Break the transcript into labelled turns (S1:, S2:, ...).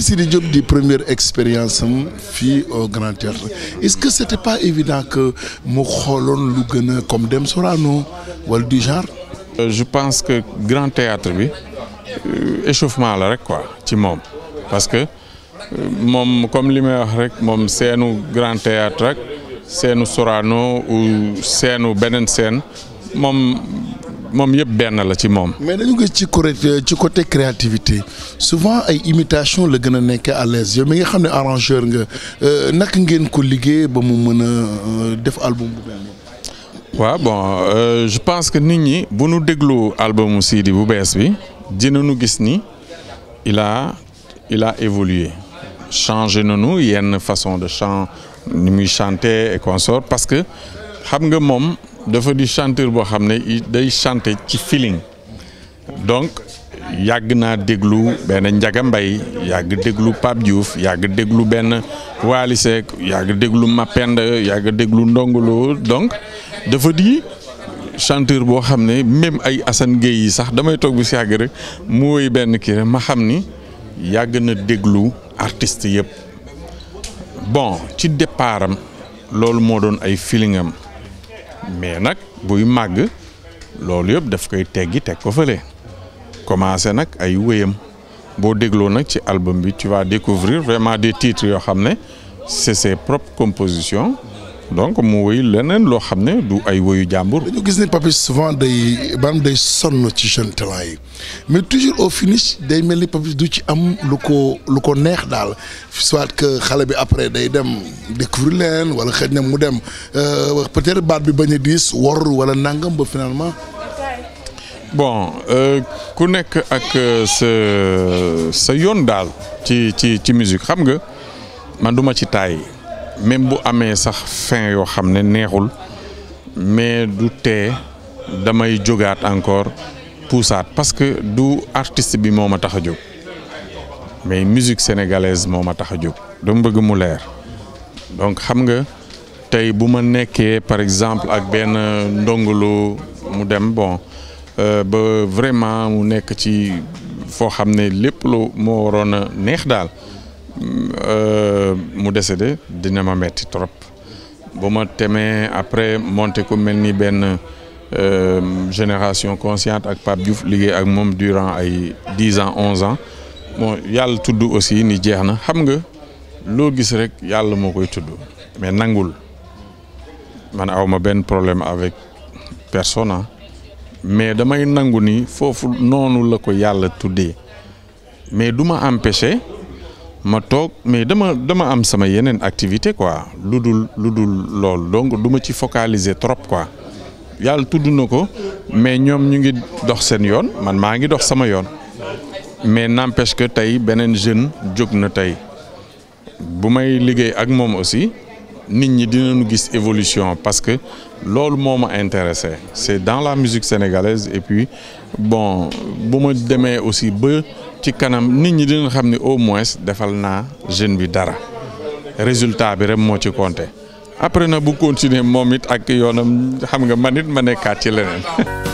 S1: Sidi Diop di première expérience am fii au Grand Théâtre est-ce que c'était pas évident que mu xooloon
S2: lu gën a comme Deme Sorano wala du genre. Euh, je pense que Grand Théâtre bi euh, échauffement la rek quoi ci moom parce que euh, moom comme li may wax rek moom seenu Grand Théâtre rek seenu Sorano ou seenu beneen seen moom. moom yëpp benn la ci moom.
S1: mais dañu gis ci côté ci côté créativité souvent ay imitation la gën a nekk à l'aise yow mi nga xam ne arrangeur nga euh, naka ngeen ko liggéey ba mu mën a euh, def album bu mel noonu.
S2: waaw bon euh, je pense que nit ñi bu nu déglu albumu Sidy bu bees bi dinañu gis ni il a il évolué changé nanu yenn façon de chant ni muy chanter et consort parce que xam nga moom. dafa di chanteur boo xam ne day chanter ci feeling donc yàgg naa déglu benn Njaga Mbay yàgg déglu Pape Diouf yàgg déglu benn Waly Seck yàgg déglu Mapenda yàgg déglu Ndongolo donc dafa di chanteur boo xam ne même ay Assane Gueye yi sax damay toog bi si yàgg rek mu woy benn kii ma xam ni yàgg na déglu artist yëpp bon ci départam loolu moo doon ay filingam mais nag buy màgg loolu yëpp daf koy teggi teg ko fële commencé nag ay wéyam boo dégloo nag ci album bi tu vas découvrir vraiment des titres yoo xam ne c'est ses propres compositions donc mu woy leneen loo xam ne du ay woyu jàmbur. dañu gis ne Papis souvent day maanaam day sonn ci jeune talent yi
S1: mais toujours au finish day mel ni Papis du ci am lu ko lu ko neex daal soit que xale bi après day dem découvrir leen wala xëy ne mu dem euh, peut-être baat bi bañ a diis wor wala nangam ba finalement.
S2: bon euh, ku nekk ak euh, sa sa yoon daal ci ci ci musique xam nga man duma ci taay. même bu amee sax fin yoo xam ne neexul mais du tee damay jógaat encore puusaat parce que du artiste bi moom a tax a jóg mais musique sénégalaise moom a tax a jóg dama bëgg mu leer donc xam nga tey bu ma nekkee par exemple ak benn ndongolo mu dem bon euh, ba vraiment mu nekk ci foo xam ne lépp lu moo waroon a neex daal Euh, mu décédé dina ma metti trop bu ma temee après monté ku mel ni benn euh, génération consciente ak Pape Diouf liggéey ak moom durant ay dix ans onze ans bon yàlla tudd aussi ni jeex na xam nga loo gis rek yàlla moo koy tudd mais nangul man aw ma benn problème avec personna ah. mais damay nangu nii foofu noonu la ko yàlla tuddee mais du empêcher ma toog mais dama dama am sama yeneen activité quoi lu dul lu dul loolu donc du ma ci focaliser trop quoi yàlla tudd na ko mais ñoom ñu ngi dox seen yoon man maa ngi dox sama yoon mais n'empêche que tey beneen jeune jóg na tey bu may liggéey ak moom aussi nit ñi dinañu gis évolution parce que loolu moo ma intéressé c'est dans la musique sénégalaise et puis bon bu ma demee aussi ba ci kanam nit ñi dina xam ni au moins defal naa jeune bi dara résultat bi rek moo ci compté après na bu continuer moom it ak yoonam xam nga ma nit ma nekkaat ci leneen.